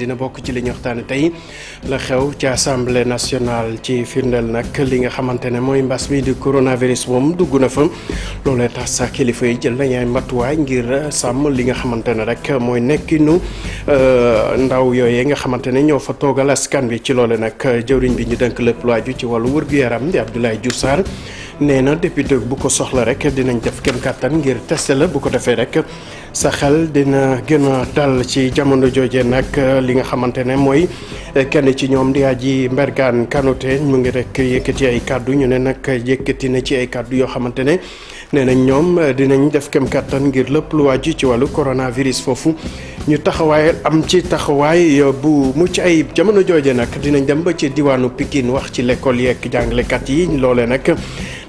dina bokk ci li ñu tey la xew ci assemblée nationale ci firndeel nag li nga xamante ne mooy mbas mi di coronavirus moom dugg na fa loolee tax sax kilifa yi jël nañu ay ngir sàmm li nga xamante ne rek mooy nekkinu euh, ndaw yooyee nga xamante ne ñoo fa toogal askan wi ci loole nag jëwriñ bi ñu dënk lépp lu aju ci wàllu wërgu yaram di Abdoulaye Diouf Sarr nee na député bu ko soxla rek dinañ def kem kàttan ngir teste la bu ko defee rek sa xel dina gëna a dal ci jamono jooje nag li nga xamante ne mooy kenn ci ñoom di Aji Mbergane Kanouté mu ngi rek yëkkati ay kàddu ñu ne nag yëkkati na ci ay kàddu yoo xamante ne nee nañ ñoom dinañ def kem kàttan ngir lépp lu wàjj ci wàllu coronavirus foofu ñu taxawaay am ci taxawaay bu mucc ay jamono jooje nag dinañ dem ba ci diwaanu Pikine wax ci lekkool yeeg jàngalekat yi loole nag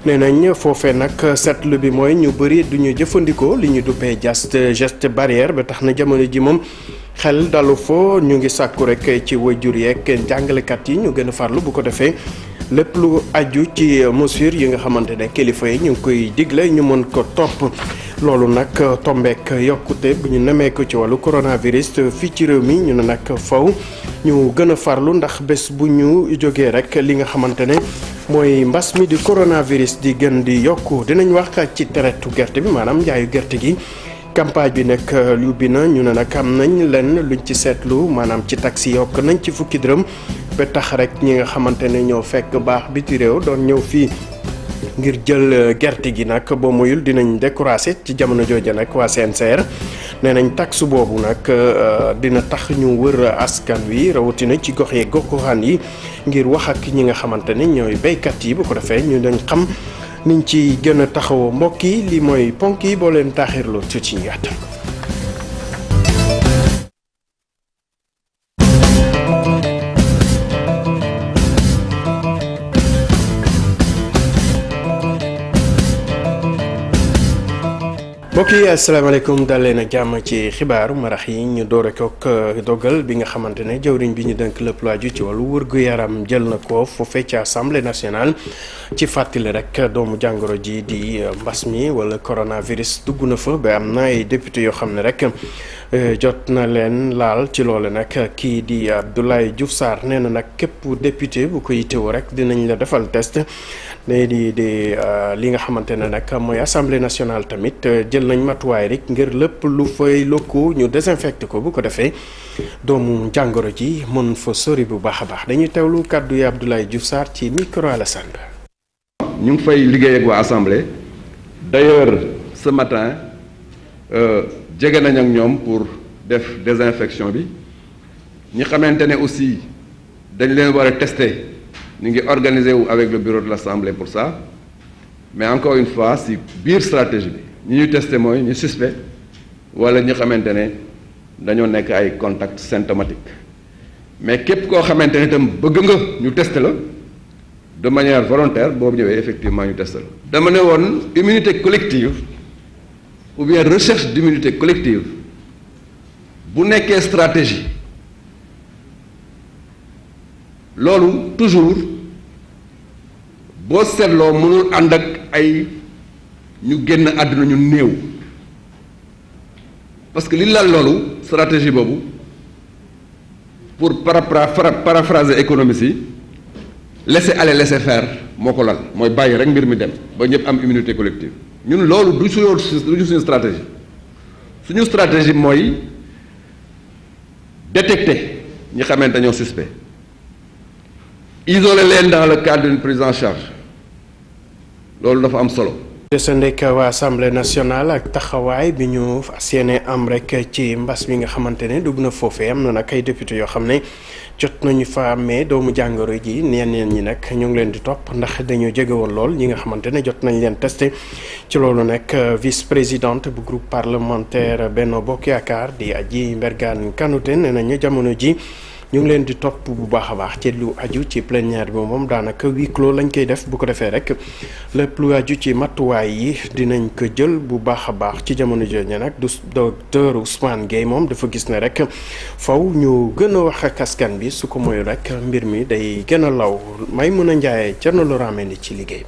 nee nañ foofee nag seetlu bi mooy ñu bëri du ñu jëfandikoo li ñu duppee geste geste barrière ba tax na jamono ji moom xel dalu foo ñu ngi sàkku rek ci wajur yeeg jàngalekat yi ñu gën a farlu bu ko defee lépp lu aju ci mesure yi nga xamante ne kilifa yi ñu ngi koy digle ñu mën ko topp. loolu nag euh, tombek yokkute bu ñu nemee ko ci wàllu coronavirus euh, fii ci réew mi ñu ne nag faw ñu gën a farlu ndax bés bu ñu jógee rek li nga xamante ne mooy mbas mi di coronavirus di gën di yokku dinañ wax ci tereetu gerte bi maanaam njaayu gerte gi. campagne bi nag euh, ubbi na ñu ne nag am nañ leen luñ ci seetlu maanaam ci taxi yokk nañ ci fukki dërëm ba tax rek ñi nga xamante ne ñoo fekk baax bi ci réew doon ñëw fii. ngir jël euh, gerte gi nag boo moyul dinañ découragé ci jamono jooja nag waa CNCR nee nañ taxe boobu nag euh, dina tax ñu wër askan wi rawatina ci gox yee goxaan yi ngir wax ak ñi nga xamante ni ñooy béykat yi bu ko defee ñu dañ xam niñ ci gën a taxawoo mbokk lii mooy ponk yi boo leen taaxirloo ci ci yaatal mbokk yi asalaamaaleykum dal leen ak jàmm ci xibaaru marax yi ñu door ak euh, dogal bi nga xamante ne jawriñ bi ñu denk lépp lu ci wàllu wërgu yaram jël na ko foofee ci assemblée national ci fàttali rek doomu jàngoro ji di euh, mbas mi wala coronavirus dugg na fa ba am na ay député yoo xam ne rek euh, jot na leen laal ci loole nag kii di Abdoulaye Diouf Sarr nee na nag képp député bu ko yittewu rek dinañu la defal test léegi di de euh, li nga xamante ne nag mooy assemblée nationale tamit euh, jël nañ matuwaay rek ngir lépp lu fay lokku ñu désinfecté ko bu ko defee doomu jàngoro ji mën fa sori bu baax a baax dañuy teewlu kàddu yi Abdoulaye Diouf Sarr ci micro Alassane ñu ngi fay liggéey ak waa assemblée d'ailleurs ce euh, jege nañ ak ñoom pour def désinfection bi ñu xamante ne aussi dañ leen war a tester. ñu ngi organiser wu avec le bureau de l'Assemblée pour ça mais encore une fois si biir stratégie bi ñu ñu testé mooy ñu suspect wala ñu xamante ne dañoo nekk ay contacts symptomatiques mais képp koo xamante ne itam bëgg nga ñu test la de manière volontaire boobu ñëwee effectivement ñu testé la. dama ne woon immunité collective ou bien recherche d'immunité collective bu nekkee stratégie. loolu toujours boo seetloo mënul ànd ak ay ñu génn àdduna ñu néew parce que li lal loolu stratégie boobu pour parapara paraphraser économiste yi laisser aller laisser faire moo ko lal mooy bàyyi rek mbir mi dem ba ñëpp am immunité collective ñun loolu du suñu du suñu stratégie suñu stratégie mooy détecter ñi xamante ñoo suspect isoler leen dans le cadre d'une charge loolu dafa am solo. desandek waa assemblée nationale ak taxawaay bi ñu fas yéene am rek ci mbas mi nga xamante ne dugg na foofee am na nag ay député yoo xam ne jot nañu fa amee doomu jàngoro ji ñeneen ñi nag ñu ngi leen di topp ndax dañoo jege woon lool ñi nga xamante ne jot nañ leen testé ci loolu nag vice présidente bu groupe parlementaire benn Bokk Yaakaar di Adji Mbergane Kanouté nee nañu jamono ji. ñu ngi leen di topp bu baax a baax ci lu aju ci plénière bi moom daanaka huis lañ koy def bu ko defee rek lépp lu aju ci mattuwaay yi dinañ ko jël bu baax a baax ci jamono jooju nag du docteur Ousmane Gueye moom dafa gis ne rek faw ñu gën a wax bi su ko moyu rek mbir mi day gën a law may mën a njaayee ca lu raame ni ci liggéey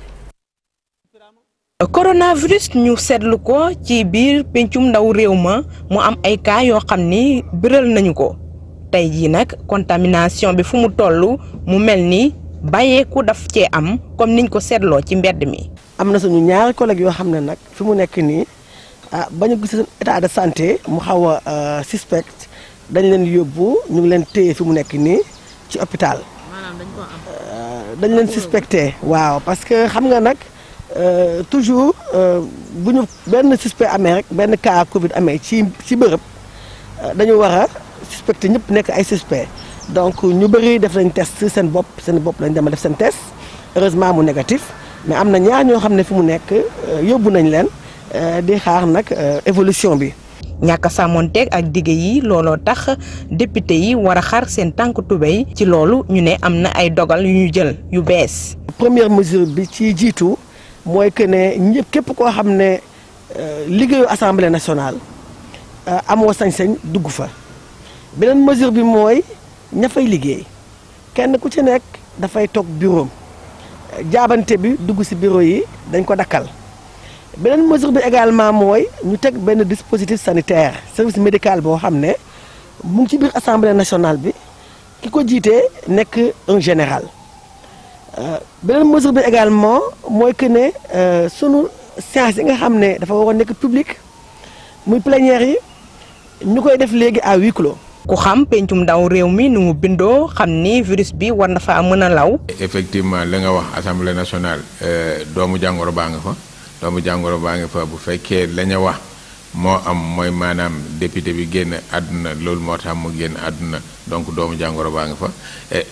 bi. seetlu ko ci biir pencum ndaw réew ma mu am ay cas yoo xam ni biral nañu ko tey jii nag contamination bi fu mu tollu mu mel ni bàyyeeku daf cee am comme niñ ko seetloo ci mbedd mi. am na suñu ñaari collègues yoo xam ne nag fi mu nekk nii ah ba ñu gis seen état de santé mu xaw a euh, suspect dañ leen yóbbu ñu ngi leen téye fu mu nekk nii ci hôpital. maanaam ko euh, dañ leen suspecté waaw parce que xam nga nag. Euh, toujours euh, bu ñu benn suspect amee rek benn cas Covid amee ci ci bërëb dañu war suspecté ñëpp nekk ay suspect donc ñu bëri def nañ test seen bopp seen bopp lañ dema def seen test heureusement mu négatif mais am na ñaar ñoo xam ne fi mu nekk euh, yóbbu nañ leen euh, di xaar nag euh, évolution bi ñàkk a sàmmonteeg ak dige yi looloo tax député yi war a xar seen tànk tubéy ci loolu ñu ne am na ay dogal yu ñu jël yu bees première mesure bi ci jiitu mooy que ne képp koo xam ne liggéeyu assemblée national amoo sañ-sañ dugg fa beneen mesure bi mooy ña fay liggéey kenn ku ci nekk dafay toog bureau jaabante bi dugg si bureau yi dañ ko dakkal beneen mesure bi également mooy ñu teg benn dispositif sanitaire service médical boo xam ne mu ci biir assemblée nationale bi ki ko jiitee nekk un général euh, beneen mesure bi également mooy que ne euh, sunu séance yi nga xam ne dafa waroon nekk public muy plénière yi ñu koy def léegi à huis clos ku xam pencum ndaw réew mi nu mu bindoo xam ni virus bi war na fa faa mën a law. effectivement li nga wax assemblée nationale euh, doomu jàngoro baa nga fa doomu jàngoro baa nga fa bu fekkee la wax moo am mooy maanaam député bi génn àdduna loolu moo tax mu génn àdduna donc doomu jàngoro baa nga fa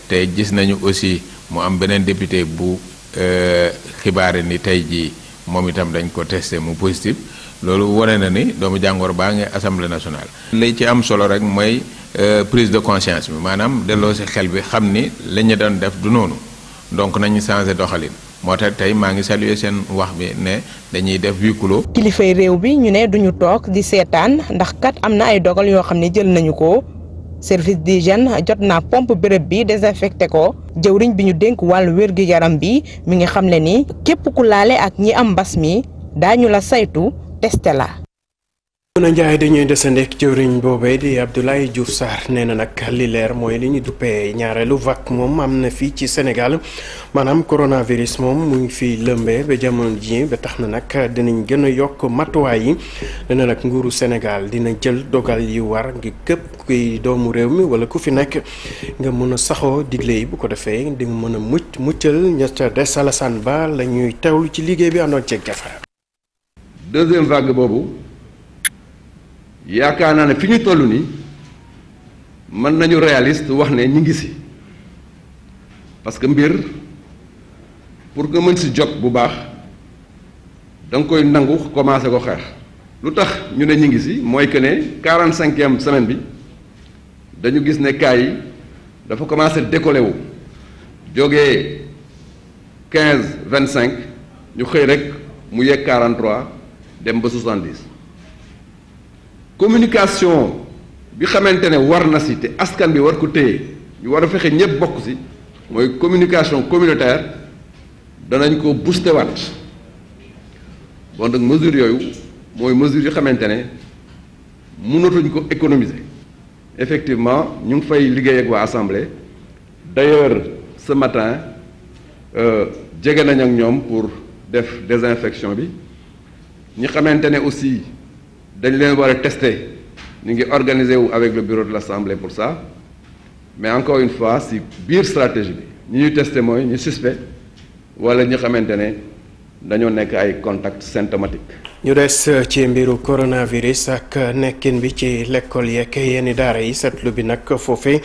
te gis nañu aussi mu am beneen député bu euh, xibaare ni tey jii moom itam dañ ko testé mu positif. loolu wane na ni doomu jàngoro baa ngi assemblée nationale. li ci am solo rek mooy Euh, prise de conscience bi maanaam delloo si xel bi xam ni la ñu doon def du noonu donc nañu changé doxalin moo tax tey maa ngi saluer seen wax bi ne dañuy def huis clos. kilifay réew bi ñu ne duñu toog di seetaan ndax kat am na ay dogal yoo xam ne jël nañu ko service di d'hygiène jot naa pompe béréb bi désinfecté ko jëwriñ bi ñu dénk wàllu wér gi yaram bi mi ngi xam le ni képp ku laale ak ñi am mbas mi daañu la saytu testé la. mën a njaay dañuy desandeek jëwriñ boobee di Abdoulaye Diouf Sarr nee na nag li leer mooy li ñu duppee ñaareelu vague moom am na fii ci Sénégal maanaam coronavirus moom mu ngi fi lëmbee ba jamono ji ba tax na nag dinañ gën a yokk matuwaay yi nee nag nguuru senegaal dina jël dogal yi war ngi képp kuy doomu réew mi wala ku fi nekk nga mën a saxoo digle yi bu ko defee di mën a mucc muccal ña ca des Alassane Ba la ñuy teewlu ci liggéey bi àndoon ceeg jafara yaakaar naa ne fi ñu toll nii mën nañu réaliste wax ne ñu ngi si parce que mbir pour nga mën si jot bu baax danga koy nangu commencé ko xeex lu tax ñu ne ñu ngi si mooy que ne quarante cinquième semaine bi dañu gis ne cas yi dafa commencé décollé wu jógee quinze vingt cinq ñu xëy rek mu yegg quarante trois dem ba soixante dix communication bi xamante ne war na si te askan bi war ko téye ñu war a fexe ñëpp bokk si mooy communication communautaire danañ ko booster waat bon donc mesure yooyu mooy mesure yi xamante ne mënatuñ ko économiser effectivement ñu ngi fay liggéey ak waa assemblée d'ailleurs ce matin euh, jege nañ ak ñoom pour def désinfection bi ñi xamante ne aussi dañ leen war a tester ñu ngi organiser wu avec le bureau de l'Assemblée pour sax mais encore une fois si biir stratégie bi ñi ñuy tester mooy ñu suspect wala ñu xamante ne dañoo nekk ay contacts symptomatiques ñu des euh, ci mbiru coronavirus ak euh, nekkin bi ci lekkool yeeg yenn daara yi seetlu bi nag foofe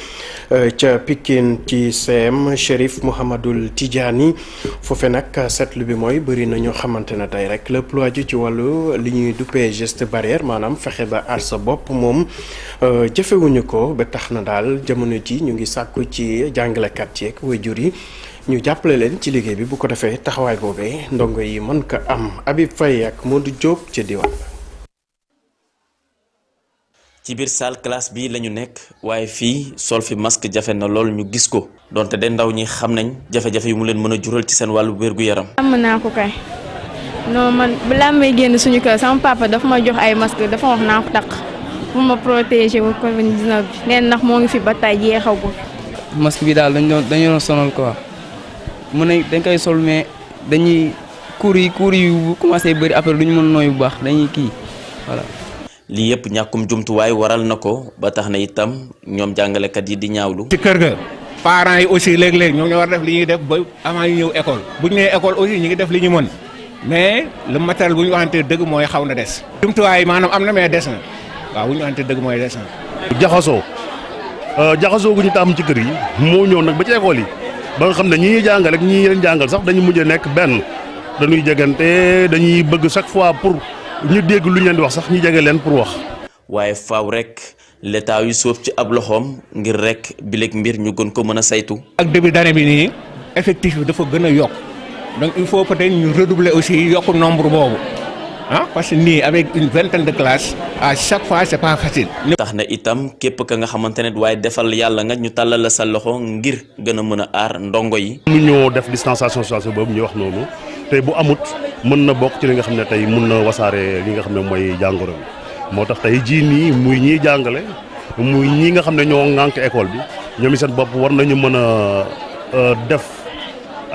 euh, ca Pikine ci CM Chérif Mouhamadul Tidjani foofe nag seetlu bi mooy bëri na ñoo xamante ne tey rek lépp ci wàllu li ñuy duppee geste barrière maanaam fexe ba aar sa bopp moom jëfewuñu ko ba tax na daal jamono ji ñu ngi sàkku ci jàngalekat yeeg waajur yi ñu jàppale leen ci liggéey bi bu ko defee taxawaay boobee ndongo yi mën ko am abi Faye ak du Diop ca diwaan. ci biir salle classe bi la ñu nekk waaye fii sol fi masque jafe na lool ñu gis ko donte de ndaw ñi xam nañ jafe-jafe yu mu leen mën a jural ci seen wàllu wér gu yaram. am naa ko kay non man balaa may génn suñu kër sama papa dafa ma jox ay masque dafa wax naa ko takk pour ma protéger wu Covid bi nee ndax moo ngi fi ba tey jeexagu. masque bi daal dañu doon dañu quoi. mën nañ dañ koy sol mais dañuy cours yi cours yi bu commencé bëri après duñu mën nooy bu baax dañuy kii voilà. lii yëpp ñàkkum jumtuwaay waral na ko ba tax na itam ñoom jàngalekat yi di ñaawlu. ci kër ga parents yi aussi léeg-léeg ñoom ñoo war def li ñuy def ba avant ñu ñëw école bu ñu nee école aussi ñu ngi def li ñu mën mais le matériel bu ñu waxantee dëgg mooy xaw na des. jumtuwaay maanaam am na mais des na waaw bu ñu waxantee dëgg mooy des na. jaxasoo euh, jaxasoo gu ñu tam ci kër yi moo ñëw nag ba ci yi. ba xam ne ñi ñuy jàngal ak ñi leen jàngal sax dañu mujj a nekk benn dañuy jegante dañuy bëgg chaque fois pour ñu dégg lu ñu leen di wax sax ñu jege leen pour wax. waaye faaw rek l'état yu sóob ci ab loxoom ngir rek bileeg mbir ñu gën ko mën a saytu. ak début d'année bii nii effectif dafa gën a yokk donc il faut peut-être ñu redoubler aussi yokk nombre boobu. ah parce que nii avec une vingtaine de classes à chaque fois c'est pas facile. tax na itam képp ka nga xamante ne waaye defal yàlla nga ñu tàllal la sa loxo ngir gën a mën a aar ndongo yi. mu ñoo def distanciation sociale boobu ñu wax noonu tey bu amut mën na bokk ci li nga xam ne tey mun na wasaare li nga xam ne mooy jàngoro bi moo tax tey jii nii muy ñiy jàngale muy ñii nga xam ne ñoo ŋànk école bi ñoom seen bopp war nañu mën a euh, def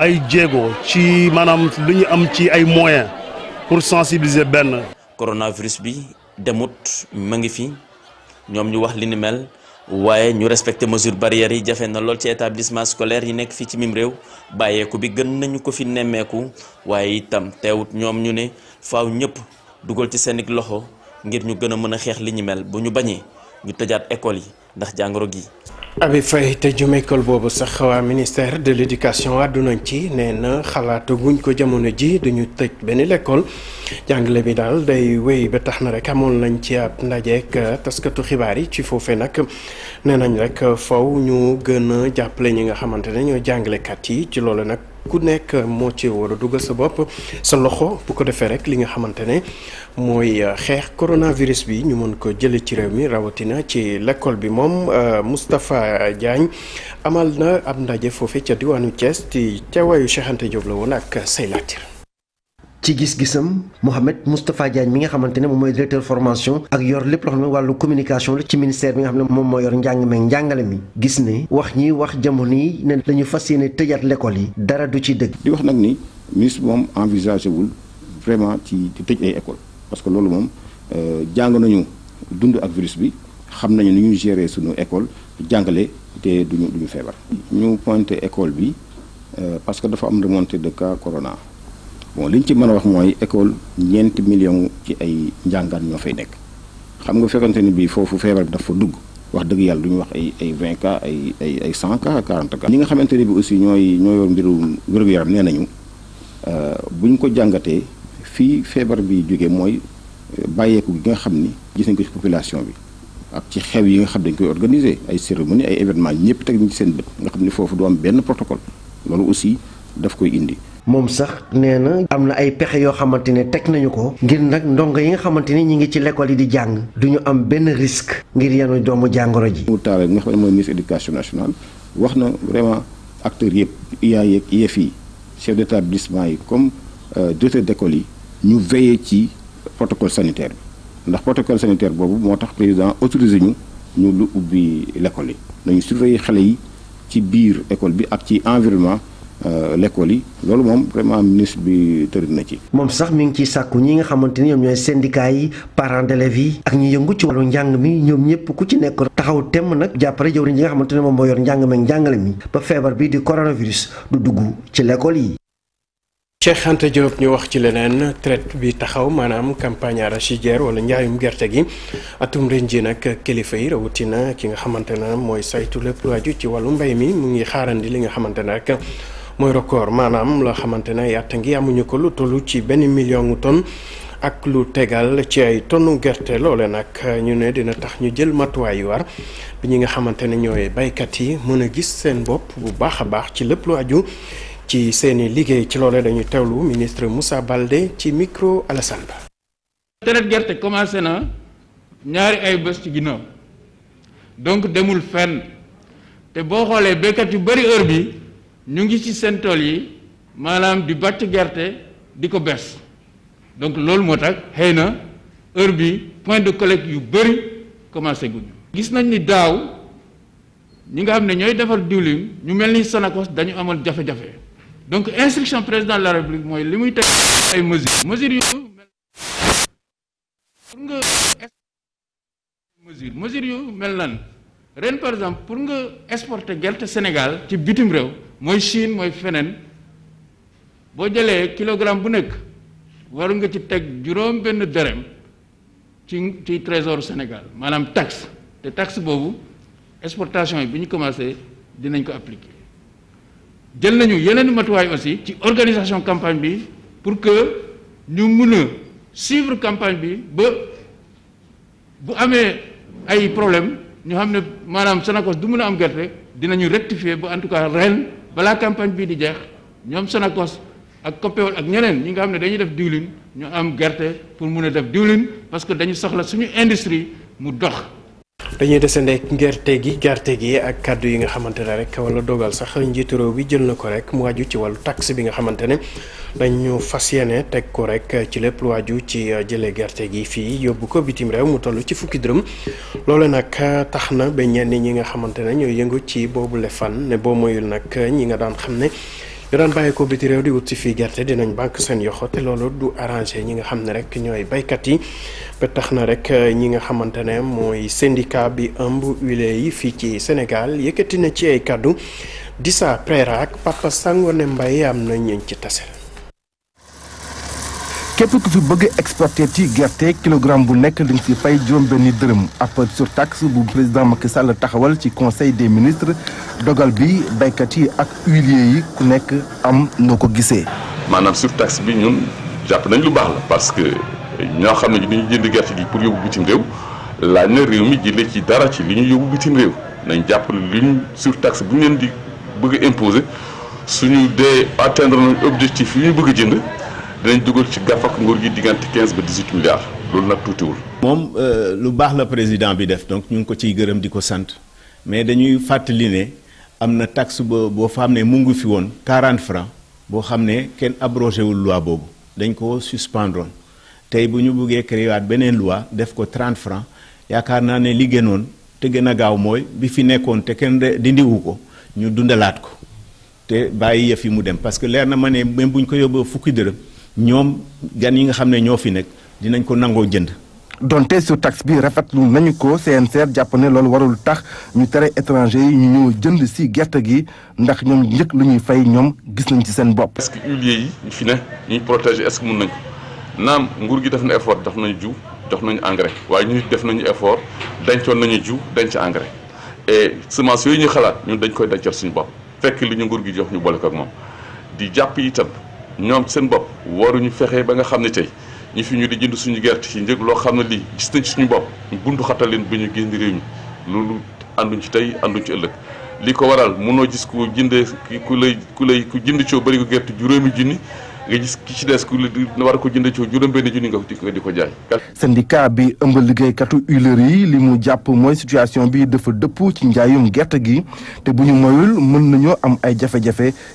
ay jéego ci maanaam lu ñu am ci ay moyens. pour sensibiliser benn. coronavirus bi demut ma ngi fi ñoom ñu wax li ni mel waaye ñu respecté mesure barrières yi jafe na lool ci établissement scolaire yi nekk fii ci mim réew bàyyeeku bi gën nañu ko fi nemmeeku waaye itam teewut ñoom ñu ne faaw ñëpp dugal ci seen loxo ngir ñu gën a mën a xeex li ni mel bu ñu bañee ñu tëjaat école yi ndax jàngoro gi. Abi Faye te jëmeekal boobu sax waa ministère de l'éducation àddunañ ci nee na xalaata ko jamono ji duñu tëj benn lekkool jàngale bi daal day wéy ba tax na rek amoon nañ ci ab ndajeek uh, taskatu xibaar yi ci foofee nag nee nañ rek uh, faw ñu gën jàppale ñi nga xamante ne ñoo jàngalekat yi ci loolu nag. ku nekk moo ci war a dugal sa bopp sa loxo bu ko defee rek li nga xamante ne mooy euh, xeex coronavirus bi ñu mën ko jëlee ci réew mi rawatina ci lekkool bi moom euh, Moustapha Diagne amal na ab ndaje foofe ca diwaanu Thiès ci teewaayu Cheikh Anta Diop la woon ak say laatir ci gis-gisam Mouhamed Moustapha Diagne mi nga xamante ne moom mooy directeur formation ak yor lépp loo xam ne wàllu communication la ci ministère bi nga xam ne moom moo yor njàng meeg njàngale mi gis ne wax ñi wax jamono yi ne dañu fas yéene tëjaat l'école yi dara du ci dëkk di wax nag ni ministre moom envisagé wul vraiment ci di tëj ay école parce que loolu moom euh, jàng nañu dund ak virus bi xam nañu ni ñuy gérer suñu école jàngale te duñu duñu feebar. ñu pointé école bi euh, parce que dafa am remontée de corona. bon li ñu ci mën a wax mooy école ñeenti millions ci ay njàngaan ñoo fay nekk xam nga fekkante ni bii foofu feebar bi dafa dugg wax dëgg yàlla du wax ay ay 20 cas ay ay ay 100 cas 40 nga xamante ni bi aussi ñooy ñoo yor mbirum wér-gu-yaram nee nañu euh, bu ñu ko jàngatee fii feebar bi jógee mooy euh, bàyyeeku gi nga xam ni gis nañ ko ci population bi ak ci xew yi nga xam dañ koy organiser ay cérémonie ay événement ñëpp teg nañ ci seen bët nga xam ni foofu du benn protocole loolu aussi daf koy indi. moom sax nee na am na ay pexe yoo xamante ne teg nañu ko ngir nag ndongo yi nga xamante ni ñi ngi ci l'école yi di jàng duñu am benn risque ngir yenu doomu jàngoro ji. mu nga xam mooy ministre éducation nationale wax na vraiment acteurs yëpp IA yeeg IEF yi chef d' établissement yi comme euh, directeur d' yi ñu veiller ci protocole sanitaire bi ndax protocole sanitaire boobu moo tax président autorisé ñu ñu lu ubbi l' yi nañu surveiller xale yi ci biir école bi ak ci environnement. Euh, l'école yi loolu moom vraiment ministre bi tërit na ci. moom sax mi ngi ciy sàkku ñi nga xamante ni ñoom ñooy syndicats yi parents d'élèves yi ak ñu yëngu ci wàllu njàng mi ñoom ñëpp ku ci nekk taxaw temm nag jàppale jëwriñ yi nga xamante ne moom moo yor njàng meeg njàngale mi ba feebar bii di coronavirus du dugg ci l'école yi. Cheikh Anta Diop ñu wax ci leneen traite bi taxaw maanaam campagne arachidière wala njaayum gerte gi atum ren ji nag kilifa yi rawatina ki nga xamante ne mooy saytu lépp lu ci wàllu mbay mi mu ngi xaarandi li nga xamante ne mooy record maanaam la xamante ne yatta ngi amuñu ko lu toll ci benn million tonne ak lu tegal ci ay tonnu gerte loole nag ñu ne dina tax ñu jël matuwaay yu war bi ñi nga xamante ne ñooy baykat yi mën a gis seen bopp bu baax a baax ci lépp lu aju ci seeni liggéey ci loole dañuy teewlu ministre musa Baldé ci micro Alassane Ba gerte commencé na ñaari ay bés ci ginnaaw donc demul fenn te boo xoolee baykat yu bari heure bi ñu ngi ci seen tool yi maanaam di bàcc gerte di ko bes donc loolu moo tax xëy na heure bi point de collecte yu bëri commencé guñu gis nañ ni daaw ñi nga xam ne ñooy defar diwlin ñu mel ni Sonacos dañu amal jafe-jafe donc instruction président de la république mooy li muy teg ay mesures mesures yu mel pour nga mesure mesures yu mel na ren par exemple pour nga exporter gerte Sénégal ci bitim réew mooy Chine mooy feneen boo jëlee kilogramme bu nekk war nga ci teg juróom benn dërëm ci ci trésor Sénégal maanaam tax te tax boobu exportation yi bi ñu commencé dinañ ko appliquer jël nañu yeneen matuwaay aussi ci organisation campagne bi pour que ñu mun suivre campagne bi ba bu amee ay problème ñu xam ne maanaam Sonacos du mun a am gerte dinañu rectifier ba en tout cas ren balaa campagne bii di jeex ñoom Sonacos ak Copéol ak ñeneen ñi nga xam ne dañuy def diwlin ñu am gerte pour mun a def diwlin parce que dañu soxla suñu industrie mu dox dañuy desande gerte gi gerte gi ak kàddu yi nga xamante ne rek wala dogal sax njiitu réew bi jël na ko rek mu aju ci wàllu taxe bi nga xamante ne dañu fas yéene teg ko rek ci lépp lu aju ci euh, jëlee gerte gi fii yóbbu ko bitim réew mu toll ci fukki dërëm loolu nag euh, tax na ba ñenn ñi nga xamante ne ñooy yëngu ci boobule fan ne boo moyul nag euh, ñi nga daan xam ne. yu daan bàyyi ko biti réew di wut si fii gerte dinañ banque seen yoxo te loolu du arrangé ñi nga xam ne rek ñooy baykat yi ba na rek eh, ñi nga xamante ne mooy syndicat bi ëmb wile yi fii ci Sénégal yëkkati na ci ay kaddu di sa Prerak Papa Sangoné mbay am na ñu ci tasel képp ku fi bëgg exporter ci gerte kilogramme bu nekk li nga si fay juróom-benni dërëm ab surtaxe bu président Macky Sall taxawal ci conseil des ministres dogal bi baykat yi ak huiliers yi ku nekk am noo ko gisee. maanaam surtaxe bi ñun jàpp nañ lu baax la parce que ñoo xam ne dañuy jënd gerte gi pour yóbbu bitim réew laaj na réew mi jëlee ci dara ci li ñu yóbbu bitim réew nañ jàpp li ñu surtaxe bu ñu leen di bëgg a imposer suñu dee atteindre nañ objectif yi ñu bëgg a dinañ dugal ci gaf ak nguur gi diggante 15 ba 18 milliards loolu nag tuutiwul. moom euh, lu baax la président bi def donc ñu ngi ko ciy gërëm di ko sant mais dañuy fàttali ne am na taxe ba boo xam ne mu ngi fi woon 40 francs boo xam ne kenn abrogé wul loi boobu dañ ko suspendroon tey bu ñu buggee créé beneen loi def ko trente francs yaakaar naa ne li gënoon te gën a gaaw mooy bi fi nekkoon te kenn dindiwu ko ñu dundalaat ko te bàyyi yëf yi mu dem parce que leer na ma ne même bu ko yóbboo fukki dërëm. ñoom gan yi nga xam ne ñoo fi nekk dinañ ko nangoo jënd. donte sur taxe bi rafetlu nañu ko CNCR jàpp ne loolu warul tax ñu tere étranger yi ñu ñëw jënd si gerte gi ndax ñoom njëkk lu ñuy fay ñoom gis nañ ci seen bopp. est-ce que huiliers yi ñu fi ne ñuy protéger est mun nañ ko naam nguur gi def na effort jox nañu jiw jox nañu engrais waaye ñun def nañu effort dencoon nañu jiw denc engrais et semence yooyu ñu xalaat ñun dañ koy dencoon suñu bopp fekk li ñu nguur gi jox ñu boole ak moom di jàpp itam. ñoom seen bopp waruñu fexe ba nga xam ne tey ñu fi ñu di jënd suñu gerte yi njëg loo xam ne lii gis nañ suñu bopp ñu buntu xatal bu ñu génn réew mi loolu ànduñ ci tey ànduñ ci ëllëg li ko waral mënoo gis ku jëndee ku lay ku lay ku jënd coo bëri ko gerte juróomi junni nga gis ki ci des ku war ko jënd coo juróom benn junni nga di ko jaay. syndicat bi ëmb liggéeykatu huileur yi li mu jàpp mooy situation bi dafa dëpp ci njaayum gerte gi te bu ñu moyul mën nañoo am ay jafe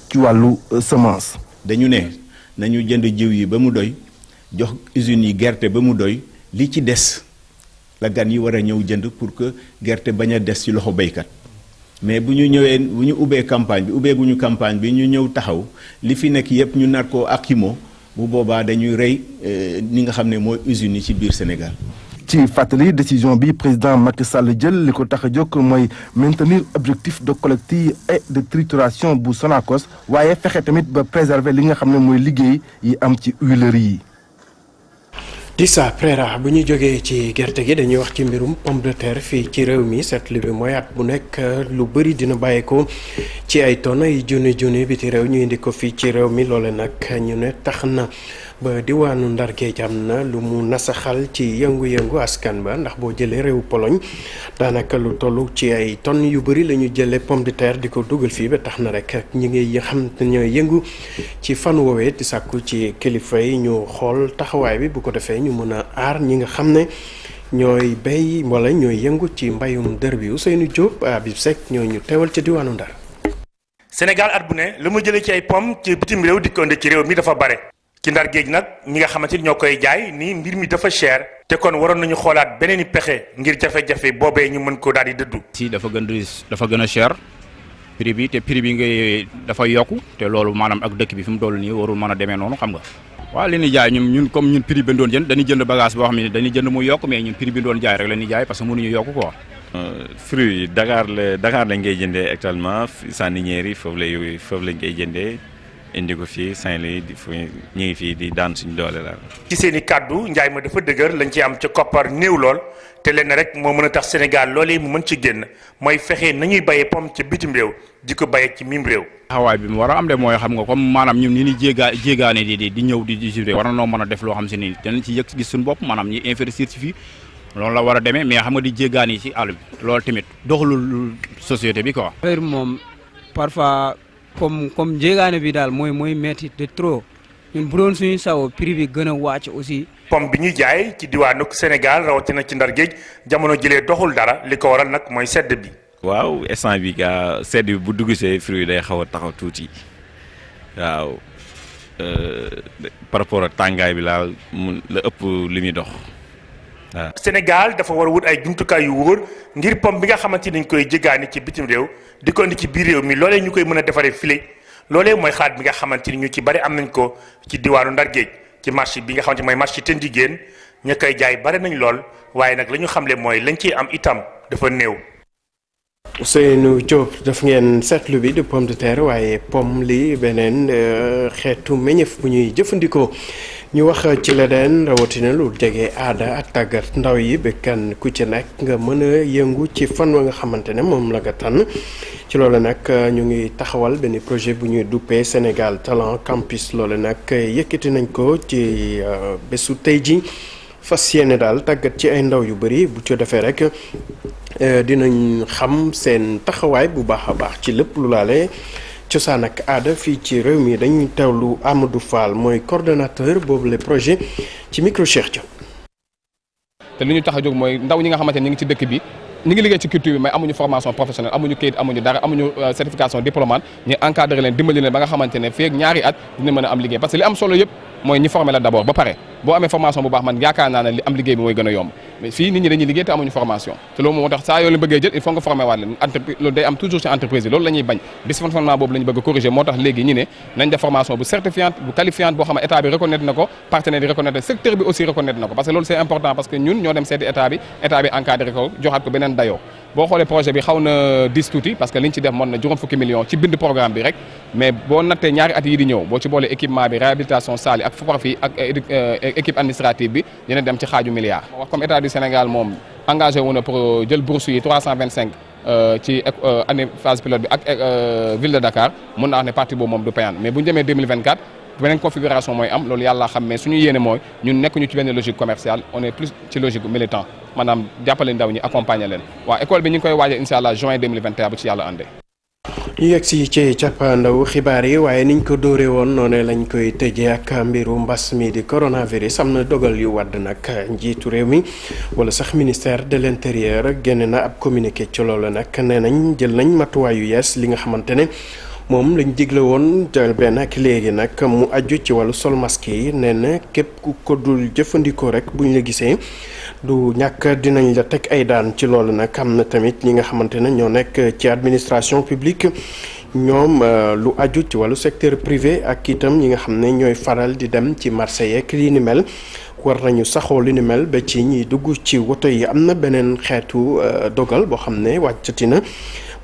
ci wàllu euh, semence. dañu ne nañu jënd jiw yi ba mu doy jox usines yi gerte ba mu doy li ci des la gan yi war a ñëw jënd pour que gerte bañ a des ci loxo béykat mais bu ñu ñëwee bu ñu ubbee campagne bi ubbee ñu campagne bi ñu ñëw taxaw li fi nekk yépp ñu nar koo akimo bu boobaa dañuy rey euh, ni nga xam ne mooy usines yi ci biir Sénégal ci fàttali décision bi président Macky Sall jël li ko tax a jóg mooy maintenir objectif de collecte et de trituration bu Sonacos waaye fexe tamit ba préserver li nga xam ne mooy liggéey yi am ci huilerie yi. Tissa Preira bu ñu jógee ci gerte gi dañuy wax ci mbirum pomme de terre fii ci réew mi seetlu bi mooy at bu nekk lu bëri dina ko ci ay tonnes ay junni junni bi ci réew ñu indi ko fii ci réew mi loole nag ñu ne tax na. ba diwaanu Ndar géej am na lu mu nasaxal ci yëngu-yëngu askan ba ndax boo jëlee réew poloñ daanaka lu toll ci ay tonnes yu bari la ñu jëlee pomme de terre di ko dugal fii ba tax na rek ñi ngi xam te ñooy yëngu ci fan woowee di sàkku ci kilifa yi ñu xool taxawaay bi bu ko defee ñu mën a aar ñi nga xam ne ñooy béy wala ñooy yëngu ci mbayum dër bi Ousseynou Diop Habib Seck ñoo ñu teewal ca diwaanu Ndar. Sénégal at bu ne lu mu jëlee ci ay pomme ci bitim réew di ci réew mi dafa bare. ci ndar géej nag ñi nga xamante ni ñoo koy jaay nii mbir mi dafa cher. te kon waroon nañu xoolaat beneen i pexe ngir jafe-jafe boobee ñu mën ko daal di dëddu. si dafa gën di dafa gën a cher prix bi te prix bi ngay dafa yokku te loolu maanaam ak dëkk bi fi mu toll nii warul mën a demee noonu xam nga. waaw li ñuy jaay ñun comme ñun prix bi doon jënd dañuy jënd bagage boo xam ne dañuy jënd mu yokk mais ñun prix bi doon jaay rek la ñuy jaay parce que mënuñu yokk quoi. Euh, fruits koy jëndee actuellement sànni ñeeri foofu lay foofu lañ koy jëndee. indi ko fii Saint-Louis di fi ñu ngi fii di daan suñu doole la ci seen i kàddu njaay ma dafa dëgër lañ ci am ca koppar néew lool te lenn rek moo mën a tax Sénégal loolee mu mën ci génn mooy fexe nañuy bayee pom ca bitim réew di ko bayee ci mim réew taxawaay bi mu war a am de mooy xam nga comme maanaam ñun ni ni jéegaa jéegaane di di di ñëw di di réew noo mën a def loo xam si ni dinañ ci yëg gis suñu bopp maanaam ñi investir ci fii la war a demee mais xam nga di jéegaan yi ci àll loolu tamit doxalul société bi quoi. affaire moom parfois comme comme jéegaane bi daal mooy mooy metti de trop ñun bu doon suñu sawo prix bi gën a wàcc aussi. pomme bi ñuy jaay ci diwaanu Sénégal rawatina ci ndar géej jamono jëlee doxul dara li ko waral nag mooy sedd bi. waaw instant bi gaa sedd bi bu see dugusee fruit day xaw a taxaw tuuti waaw euh, par rapport ak tàngaay bi laal la ëpp li muy dox. Ah. Sénégal dafa war a wut ay jumtukaay yu wóor ngir pom bi nga xamante ni dañ koy jéggaani ci bitim réew di ko indi ci biir réew mi loolee ñu koy mën a defaree filé loolee mooy xalaat bi nga xamante ni ñu ci bari am nañ ko ci diwaanu Ndar Géej ci marché bi nga xamante ni mooy marché Tendiguène ña koy jaay bari nañ lool waaye nag la ñu xamle mooy lañ ciy am itam dafa néew. Ousseynou Diop daf ngeen seetlu bi du pomme de terre waaye pomme li beneen euh, xeetu meññeef bu ñuy jëfandikoo. ñu wax ci leneen rawatina lu jege aada ak tàggat ndaw yi ba kenn ku ci nekk nga mën a yëngu ci fan wa nga xamante ne moom la nga tànn ci loolu nag ñu ngi taxawal benn projet bu ñuy duppee Sénégal Talent Campus loolu nag yëkkati nañ ko ci euh, bésu tey ji fas yéene daal tàggat ci ay ndaw yu bëri bu ci defee rek euh, dinañ xam seen taxawaay bu baax a baax ci lépp lu laale cosaan ak aada fii ci réew mi dañuy teewlu Amadou Fall mooy coordonnateur boobu le projet ci microcherche. te li ñu tax a jóg mooy ndaw ñi nga xamante ne ñu ngi ci dëkk bi. ñu ngi liggéey ci culture bi mais amuñu formation professionnelle amuñu kayit amuñu dara amuñu euh, certification diplômante ñu encadré leen dimbali leen ba nga xamante ne feeg ñaari at dina mën a am liggéey parce que li am solo yëpp mooy ñu formé a d' abord pare boo amee formation bu baax man yaakaar naa am liggéey bi mooy gën a yomb mais fii nit ñi dañuy liggéey te amuñu formation te loolu moo tax saa yoo leen bëggee jël il faut boobu la ñu bëgg moo tax léegi ñi nañ def formation bu certifiante bu qualifiante boo xam ne état bi ko partenaire yi reconnaître secteur bi aussi reconnaître na ko parce que loolu c' important parce que ñun ñoo dem seeti état boo xoolee projet bi xaw na dis tuuti parce que liñ ci def mën na juróom fukki millions ci bind programme bi rek mais boo nattee ñaari at yi di ñëw boo ci boolee équipement bi réhabilitation salle yi ak foofar yi ak euh, euh, équipe administrative bi dina dem ci xaaju milliard wax comme état du Sénégal moom engagé wu na pour euh, jël bourse yi 325 ci année phase pilote bi ak ville de Dakar mun naa wax ne partie boobu moom du payant mais bu ñu beneen configuration mooy am loolu yàlla xam mais suñu yéene mooy ñun ñu ci benn logique commerciale on est plus ci logique militant maanaam jàppale ndaw ñi accompagner leen waaw école bi ñu ngi koy waajal incha allah juin 2021 bu ci yàlla ñu yegg si ci cappaandaw xibaar yi waaye niñ ko dóore woon noonu lañ koy tëjee ak mbiru mbas mi di coronavirus am na dogal yu wàdd nag njiitu réew mi wala sax ministère de l'intérieur génne na ab communiqué ci loolu nag nee nañ jël nañ matuwaay yu yees li nga xamante ne. moom lañ digle woon jël nag léegi nag mu aju ci wàllu sol masque yi nee na képp ku ko jëfandikoo rek buñ la gisee du ñàkk dinañ la teg ay daan ci loolu nag am na tamit ñi nga xamante ne ñoo nekk ci administration publique ñoom euh, lu aju ci wàllu secteur privé ak itam ñi nga xam ne ñooy faral di dem ci marché yeeg li mel. war nañu saxoo li mel ba ci ñiy dugg ci woto yi am na beneen xeetu euh, dogal boo xam ne wàccati na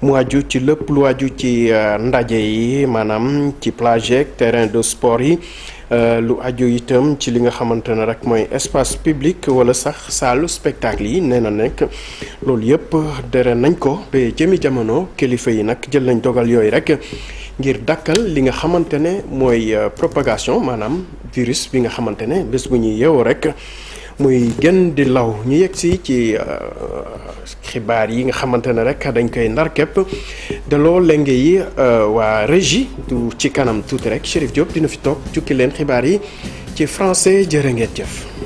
mu aju ci lépp lu aju ci euh, ndaje yi maanaam ci plage terrain de sport yi euh, lu aju itam ci li nga xamante ne rek mooy espace publique wala sax saalu spectacle yi nee na nekk loolu yëpp dere nañ ko ba jëmi jamono kilifa yi nag jël nañ dogal yooyu rek ngir dakkal li nga xamante ne mooy euh, propagation maanaam virus bi nga xamante ne bés bu ñuy yeewoo rek. muy gën di law ñu yegg si ci euh, xibaar yi nga xamante ne rek dañ koy ndar képp de loo lenge yi euh, waa régi du ci kanam tuuti rek Chérif Diop dina fi toog jukki leen xibaar yi ci français jërë ngeen jëf.